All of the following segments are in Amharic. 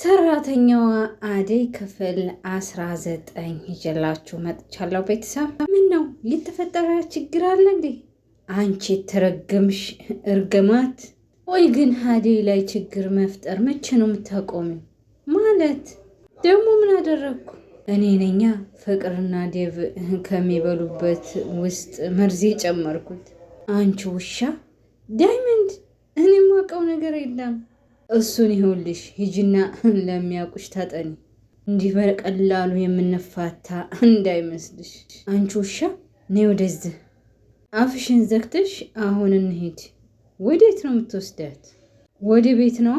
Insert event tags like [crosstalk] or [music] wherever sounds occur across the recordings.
ሰራተኛዋ አደይ ክፍል አስራ ዘጠኝ ይዤላችሁ መጥቻለሁ። ቤተሰብ ምን ነው የተፈጠረ ችግር አለ እንዴ? አንቺ ትረግምሽ እርግማት ወይ ግን አደይ ላይ ችግር መፍጠር መቼ ነው የምታቆሚው? ማለት ደግሞ ምን አደረግኩ እኔ ነኛ ፍቅርና ዴቭ ከሚበሉበት ውስጥ መርዝ ጨመርኩት። አንቺ ውሻ ዳይመንድ፣ እኔ የማውቀው ነገር የለም እሱን ይኸውልሽ ሂጂና [laughs] ለሚያውቁሽ ታጠኒ። እንዲህ በቀላሉ የምንፋታ እንዳይመስልሽ። አንቺ ውሻ ነይ ወደዚህ። አፍሽን ዘግተሽ አሁን እንሄድ። ወዴት ነው የምትወስዳት? ወደ ቤት ነዋ።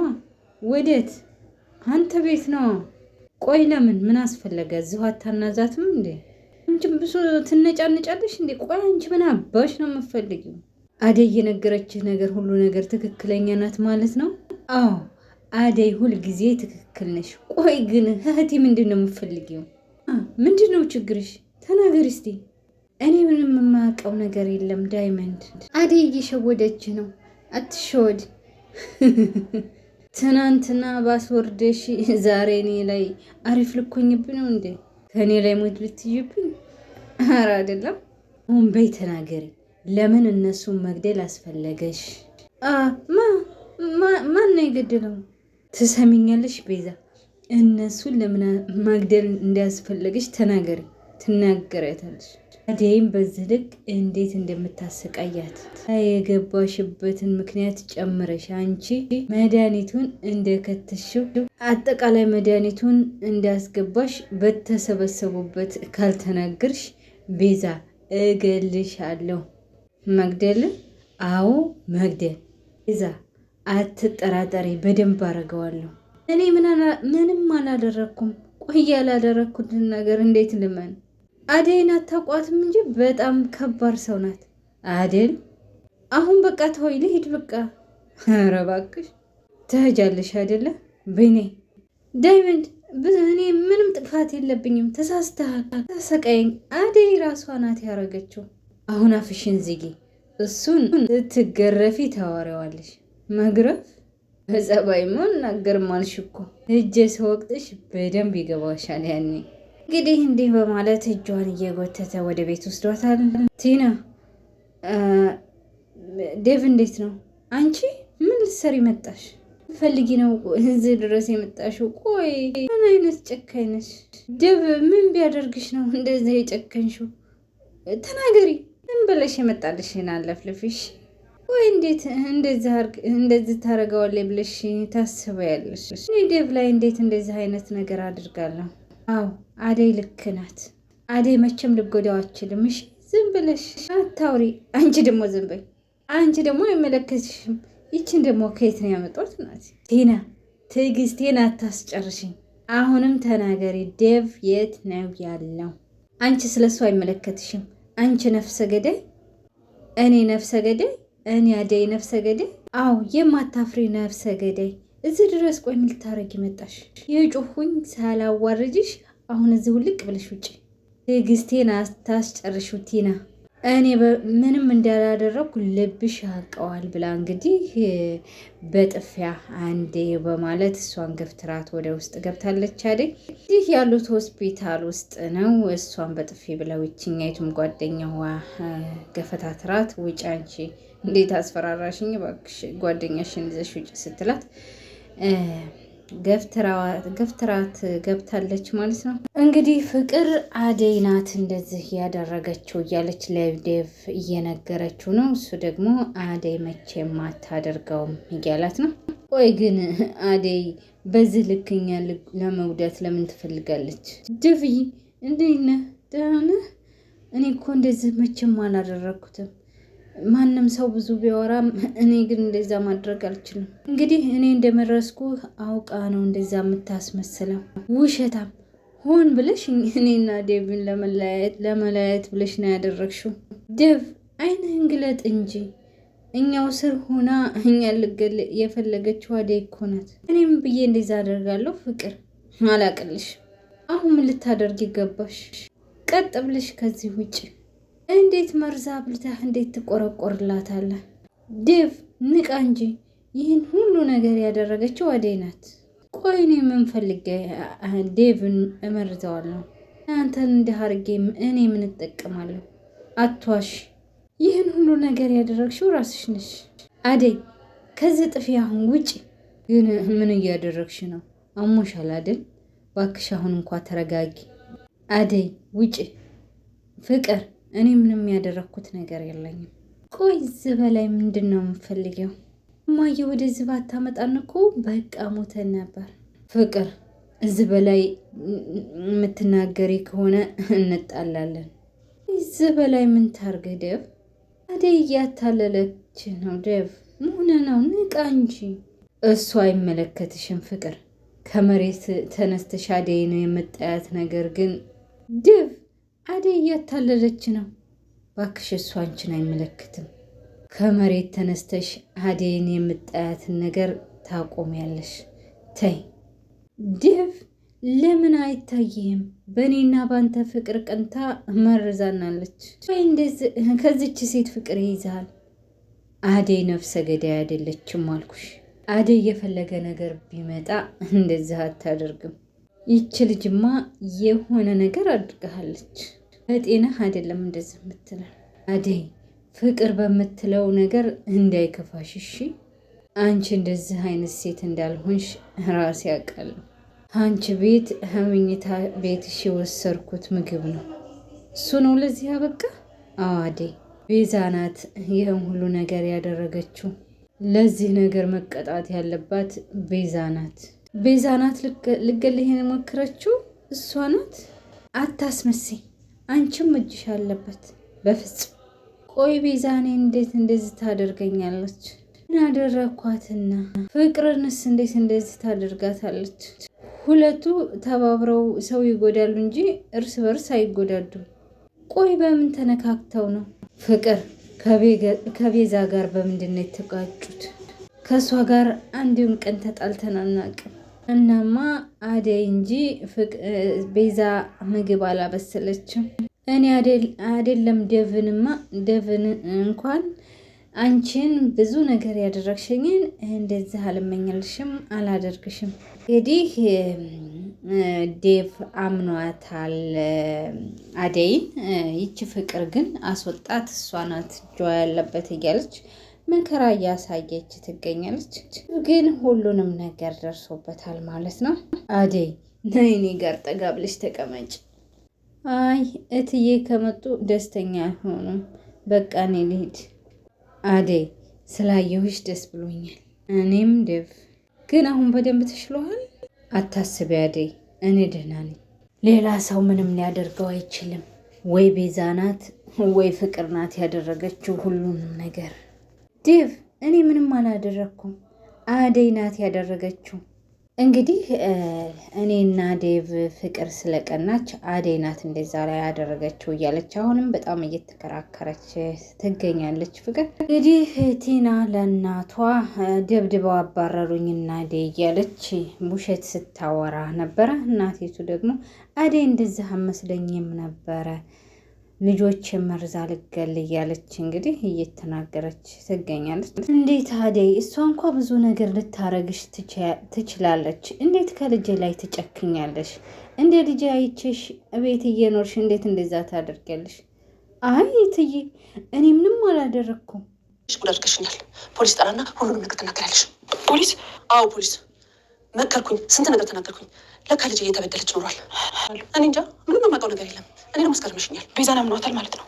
ወዴት? አንተ ቤት ነዋ። ቆይ ለምን? ምን አስፈለገ? እዚሁ አታናዛትም እንዴ? አንቺ ብዙ ትነጫንጫለሽ እንዴ? ቆይ አንቺ ምን አባሽ ነው የምፈልጊው አደይ የነገረችህ ነገር ሁሉ ነገር ትክክለኛ ናት ማለት ነው? አዎ አደይ ሁልጊዜ ትክክል ነሽ። ቆይ ግን እህቴ ምንድን ነው የምትፈልጊው? ምንድን ነው ችግርሽ? ተናገሪ እስቲ። እኔ ምንም የማውቀው ነገር የለም ዳይመንድ። አደይ እየሸወደች ነው። አትሸወድ። [laughs] ትናንትና ባስወርደሽ ዛሬ እኔ ላይ አሪፍ ልኮኝብኝ ነው እንዴ? ከእኔ ላይ ሞት ልትይብኝ? ኧረ አይደለም። አሁን በይ ተናገሪ። ለምን እነሱን መግደል አስፈለገሽ? ማ ማን ነው የገደለው? ትሰሚኛለሽ ቤዛ፣ እነሱን ለምን ማግደል እንዳያስፈለገች ተናገሪ ትናገሪያታለሽ። አደይም በዚህ ልክ እንዴት እንደምታሰቃያት የገባሽበትን ምክንያት ጨምረሽ አንቺ መድኃኒቱን እንደከተሽው አጠቃላይ መድኃኒቱን እንዳስገባሽ በተሰበሰቡበት ካልተናገርሽ ቤዛ እገልሽ አለው። መግደል? አዎ መግደል። ቤዛ አትጠራጠሪ፣ በደንብ አደርገዋለሁ። እኔ ምንም አላደረግኩም። ቆይ ያላደረግኩትን ነገር እንዴት ልመን? አደይን አታውቋትም እንጂ በጣም ከባድ ሰው ናት አደል? አሁን በቃ ተወይ፣ ልሂድ በቃ። ኧረ እባክሽ ትሄጃለሽ አይደለ? ብኔ ዳይመንድ፣ እኔ ምንም ጥፋት የለብኝም። ተሳስተሃል። ተሰቃየኝ። አደይ ራሷ ናት ያደረገችው። አሁን አፍሽን ዝጊ። እሱን ስትገረፊ ታወሪዋለሽ። መግረፍ በጸባይማ እናገርማልሽ እኮ እጄ ስወቅጥሽ በደንብ ይገባሻል። ያኔ እንግዲህ እንዲህ በማለት እጇን እየጎተተ ወደ ቤት ወስዷታል። ቲና ዴቭ እንዴት ነው? አንቺ ምን ልትሰሪ መጣሽ? ፈልጊ ነው እዚህ ድረስ የመጣሽው? ቆይ ምን አይነት ጨካኝ ነሽ? ዴቭ ምን ቢያደርግሽ ነው እንደዚህ የጨከንሽው? ተናገሪ። ምን ብለሽ የመጣልሽን አለፍልፍሽ ወይ እንዴት እንደዚህ ታደርገዋለች ብለሽ ታስበያለሽ? እኔ ዴቭ ላይ እንዴት እንደዚህ አይነት ነገር አድርጋለሁ? አዎ አደይ ልክ ናት። አደይ መቼም ልጎዳው አችልም። እሺ ዝም ብለሽ አታውሪ። አንቺ ደግሞ ዝም በይ። አንቺ ደግሞ አይመለከትሽም። ይችን ደግሞ ከየት ነው ያመጧት? ናት ቴና ትዕግስቴን አታስጨርሽኝ። አሁንም ተናገሪ፣ ዴቭ የት ነው ያለው? አንቺ ስለሱ አይመለከትሽም። አንቺ ነፍሰ ገዳይ፣ እኔ ነፍሰ ገዳይ እኔ አደይ ነፍሰ ገዳይ? አዎ የማታፍሪ ነፍሰ ገዳይ እዚህ ድረስ ቆይ፣ ምን ልታረጊ መጣሽ? የጮሁኝ ሳላዋርጅሽ አሁን እዚህ ውልቅ ብለሽ ውጪ። ትዕግስቴን አታስጨርሹ ቲና። እኔ ምንም እንዳላደረግኩ ልብሽ ያውቀዋል ብላ እንግዲህ በጥፊያ አንዴ በማለት እሷን ገፍትራት ወደ ውስጥ ገብታለች። አይደል ይህ ያሉት ሆስፒታል ውስጥ ነው። እሷን በጥፊ ብለው ይችኛይቱም ጓደኛዋ ገፈታትራት ውጭ፣ አንቺ እንዴት አስፈራራሽኝ! እባክሽ ጓደኛሽን ይዘሽ ውጭ ስትላት ገፍትራት ገብታለች ማለት ነው። እንግዲህ ፍቅር አደይ ናት እንደዚህ ያደረገችው እያለች ለዴቭ እየነገረችው ነው። እሱ ደግሞ አደይ መቼም አታደርገውም እያላት ነው። ቆይ ግን አደይ በዚህ ልክኛ ለመጉዳት ለምን ትፈልጋለች? ዴቭዬ፣ እንዴት ነህ? ደህና ነህ? እኔ እኮ እንደዚህ መቼም አላደረግኩትም ማንም ሰው ብዙ ቢያወራም እኔ ግን እንደዛ ማድረግ አልችልም። እንግዲህ እኔ እንደመረስኩ አውቃ ነው እንደዛ የምታስመስለው ውሸታም። ሆን ብለሽ እኔና ዴቪን ለመለያየት ለመለያየት ብለሽ ነው ያደረግሽው። ዴቭ አይንህን ግለጥ እንጂ እኛው ስር ሆና እኛ ልገል የፈለገችው አደይ እኮ ናት። እኔም ብዬ እንደዛ አደርጋለሁ። ፍቅር አላቅልሽ። አሁን ምን ልታደርግ ይገባሽ? ቀጥ ብለሽ ከዚህ ውጭ እንዴት መርዛ ብልታ እንዴት ትቆረቆርላታለህ? ዴቭ ንቃ እንጂ ይህን ሁሉ ነገር ያደረገችው አደይ ናት። ቆይ እኔ ምን ፈልጌ ዴቭን እመርዘዋለሁ? አንተን እንዲህ አድርጌ እኔ ምን እጠቀማለሁ? ይህን ሁሉ ነገር ያደረግሽው ራስሽ ነሽ አደይ። ከዚህ ጥፊ አሁን ውጭ። ግን ምን እያደረግሽ ነው? አሞሻል አይደል? ባክሽ አሁን እንኳ ተረጋጊ አደይ። ውጭ ፍቅር እኔ ምንም ያደረግኩት ነገር የለኝም። ቆይ እዚህ በላይ ምንድን ነው የምፈልገው? እማዬ ወደዚህ ባታመጣን እኮ በቃ ሞተን ነበር። ፍቅር እዚህ በላይ የምትናገሪ ከሆነ እንጣላለን። እዚህ በላይ ምን ታርገ? ደብ? አደይ እያታለለች ነው ደብ። መሆነ ነው ንቃ እንጂ እሱ አይመለከትሽም ፍቅር። ከመሬት ተነስተሽ አደይ ነው የመጣያት ነገር ግን ደብ አደይ እያታለለች ነው። ባክሽ እሱ አንቺን አይመለከትም። ከመሬት ተነስተሽ አደይን የምጣያትን ነገር ታቆሚያለሽ። ተይ ድፍ ለምን አይታይህም? በእኔና ባንተ ፍቅር ቀንታ መርዛናለች ወይ? እንደዚህ ከዚች ሴት ፍቅር ይይዛል። አደይ ነፍሰ ገዳይ አይደለችም አልኩሽ። አደይ የፈለገ ነገር ቢመጣ እንደዚህ አታደርግም። ይቺ ልጅማ የሆነ ነገር አድርገሃለች። በጤና አይደለም እንደዚህ የምትለን አደይ። ፍቅር በምትለው ነገር እንዳይከፋሽ እሺ። አንቺ እንደዚህ አይነት ሴት እንዳልሆንሽ ራሴ አውቃለሁ። አንቺ ቤት ከመኝታ ቤትሽ የወሰድኩት ምግብ ነው። እሱ ነው ለዚህ አበቃ። አዋዴ ቤዛ ናት ይህን ሁሉ ነገር ያደረገችው። ለዚህ ነገር መቀጣት ያለባት ቤዛ ናት። ቤዛ ናት ልገልህ የሞክረችው እሷ ናት። አታስመሴ አንቺም እጅሽ አለበት። በፍጹም ቆይ፣ ቤዛኔ እንዴት እንደዚህ ታደርገኛለች? ምን አደረግኳትና? ፍቅርንስ እንዴት እንደዚህ ታደርጋታለች? ሁለቱ ተባብረው ሰው ይጎዳሉ እንጂ እርስ በርስ አይጎዳዱም። ቆይ በምን ተነካክተው ነው? ፍቅር ከቤዛ ጋር በምንድን ነው የተጋጩት? ከእሷ ጋር አንድም ቀን ተጣልተን አናውቅም። እናማ አደይ እንጂ ቤዛ ምግብ አላበሰለችም። እኔ አይደለም ደቭንማ ደቭን እንኳን አንቺን ብዙ ነገር ያደረግሽኝን እንደዚህ አልመኛልሽም፣ አላደርግሽም። እንግዲህ ዴቭ አምኗታል አደይን። ይቺ ፍቅር ግን አስወጣት፣ እሷ ናት እጇ ያለበት እያለች መከራ እያሳየች ትገኛለች። ግን ሁሉንም ነገር ደርሶበታል ማለት ነው። አደይ ነይ እኔ ጋር ጠጋ ብለሽ ተቀመጭ። አይ እትዬ ከመጡ ደስተኛ አይሆኑም። በቃ እኔ ልሂድ። አደይ ስላየሁሽ ደስ ብሎኛል። እኔም ደብ ግን አሁን በደንብ ተሽሎሃል። አታስቢ አደይ፣ እኔ ደህና ነኝ። ሌላ ሰው ምንም ሊያደርገው አይችልም። ወይ ቤዛ ናት ወይ ፍቅር ናት ያደረገችው ሁሉንም ነገር ዴቭ እኔ ምንም አላደረግኩም፣ አደይ ናት ያደረገችው። እንግዲህ እኔና ዴቭ ፍቅር ስለቀናች አደይ ናት እንደዛ ላይ ያደረገችው እያለች አሁንም በጣም እየተከራከረች ትገኛለች። ፍቅር እንግዲህ ቲና ለእናቷ ደብድበው እና አደይ እያለች ውሸት ስታወራ ነበረ። እናቴቱ ደግሞ አደይ እንደዚህ አመስለኝም ነበረ ልጆች መርዛ ልገል እያለች እንግዲህ እየተናገረች ትገኛለች። እንዴት አደይ እሷ እንኳ ብዙ ነገር ልታረግሽ ትችላለች። እንዴት ከልጅ ላይ ትጨክኛለሽ? እንደ ልጅ አይቼሽ እቤት እየኖርሽ እንዴት እንደዛ ታደርጊያለሽ? አይ ትዬ እኔ ምንም አላደረግኩም። ጉድ አድርገሽኛል። ፖሊስ ጠራና ሁሉንም ነገር ትናገራለሽ። ፖሊስ? አዎ ፖሊስ። መከርኩኝ፣ ስንት ነገር ተናገርኩኝ ለካ ልጅ እየተበደለች ኖሯል። እኔ እንጃ ምንም የማውቀው ነገር የለም። እኔ ነው አስገርምሽኛል። ቤዛን አምኗታል ማለት ነው።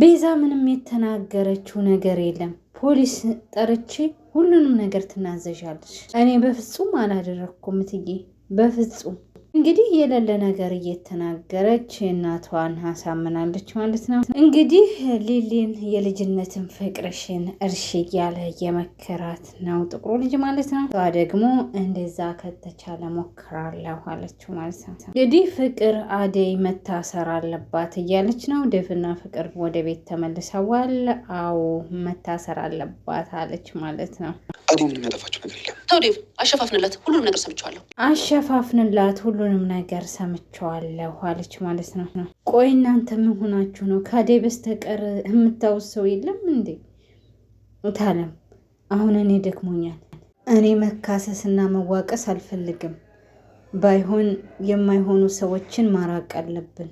ቤዛ ምንም የተናገረችው ነገር የለም። ፖሊስ ጠርቼ ሁሉንም ነገር ትናዘዣለች። እኔ በፍጹም አላደረግኩም እትዬ በፍጹም እንግዲህ የሌለ ነገር እየተናገረች እናቷን አሳምናለች ማለት ነው። እንግዲህ ሊሊን የልጅነትን ፍቅርሽን እርሽ እያለ የመከራት ነው ጥቁሩ ልጅ ማለት ነው። እሷ ደግሞ እንደዛ ከተቻለ ሞክራለሁ አለችው ማለት ነው። እንግዲህ ፍቅር አደይ መታሰር አለባት እያለች ነው። ደፍና ፍቅር ወደ ቤት ተመልሰዋል። አዎ መታሰር አለባት አለች ማለት ነው። አደይ ምንም ያጠፋችው ነገር የለም ዴቭ፣ አሸፋፍንላት፣ ሁሉንም ነገር ሰምቸዋለሁ። አሸፋፍንላት፣ ሁሉንም ነገር ሰምቸዋለሁ አለች ማለት ነው። ቆይ እናንተ ምን ሆናችሁ ነው? ከአዴ በስተቀር የምታውስ ሰው የለም እንዴ? ታለም አሁን እኔ ደክሞኛል። እኔ መካሰስና መዋቀስ አልፈልግም። ባይሆን የማይሆኑ ሰዎችን ማራቅ አለብን።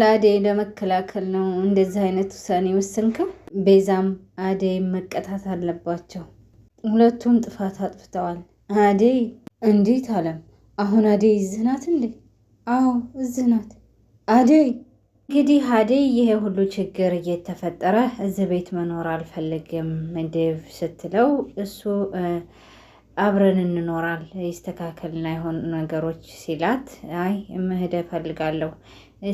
ለአዴ ለመከላከል ነው እንደዚህ አይነት ውሳኔ ወስንከው። ቤዛም አዴ መቀጣት አለባቸው። ሁለቱም ጥፋት አጥፍተዋል። አደይ እንዴት አለም። አሁን አደይ እዚህ ናት እንዴ? አዎ እዚህ ናት አደይ። እንግዲህ አደይ ይሄ ሁሉ ችግር እየተፈጠረ እዚህ ቤት መኖር አልፈልግም ዴቭ ስትለው እሱ አብረን እንኖራል ይስተካከልና ይሆን ነገሮች ሲላት አይ መሄድ እፈልጋለሁ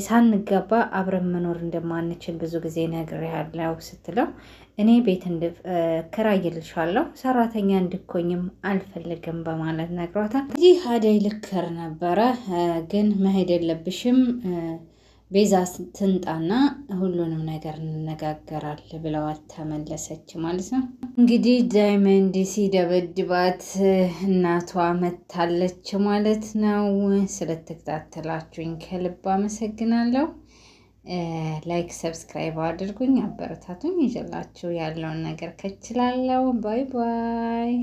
ሳንገባ አብረን መኖር እንደማንችል ብዙ ጊዜ ነግሬያለሁ ስትለው እኔ ቤት እከራይልሻለሁ ሰራተኛ እንድኮኝም አልፈልግም በማለት ነግሯታል። ይህ አደይ ልክር ነበረ፣ ግን መሄድ የለብሽም ቤዛ ትንጣና ሁሉንም ነገር እንነጋገራል ብለዋል። ተመለሰች ማለት ነው እንግዲህ ዳይመንድ ሲደበድባት እናቷ መታለች ማለት ነው። ስለተከታተላችሁኝ ከልብ አመሰግናለሁ። ላይክ፣ ሰብስክራይብ አድርጉኝ፣ አበረታቱኝ። ይዤላችሁ ያለውን ነገር ከችላለው። ባይ ባይ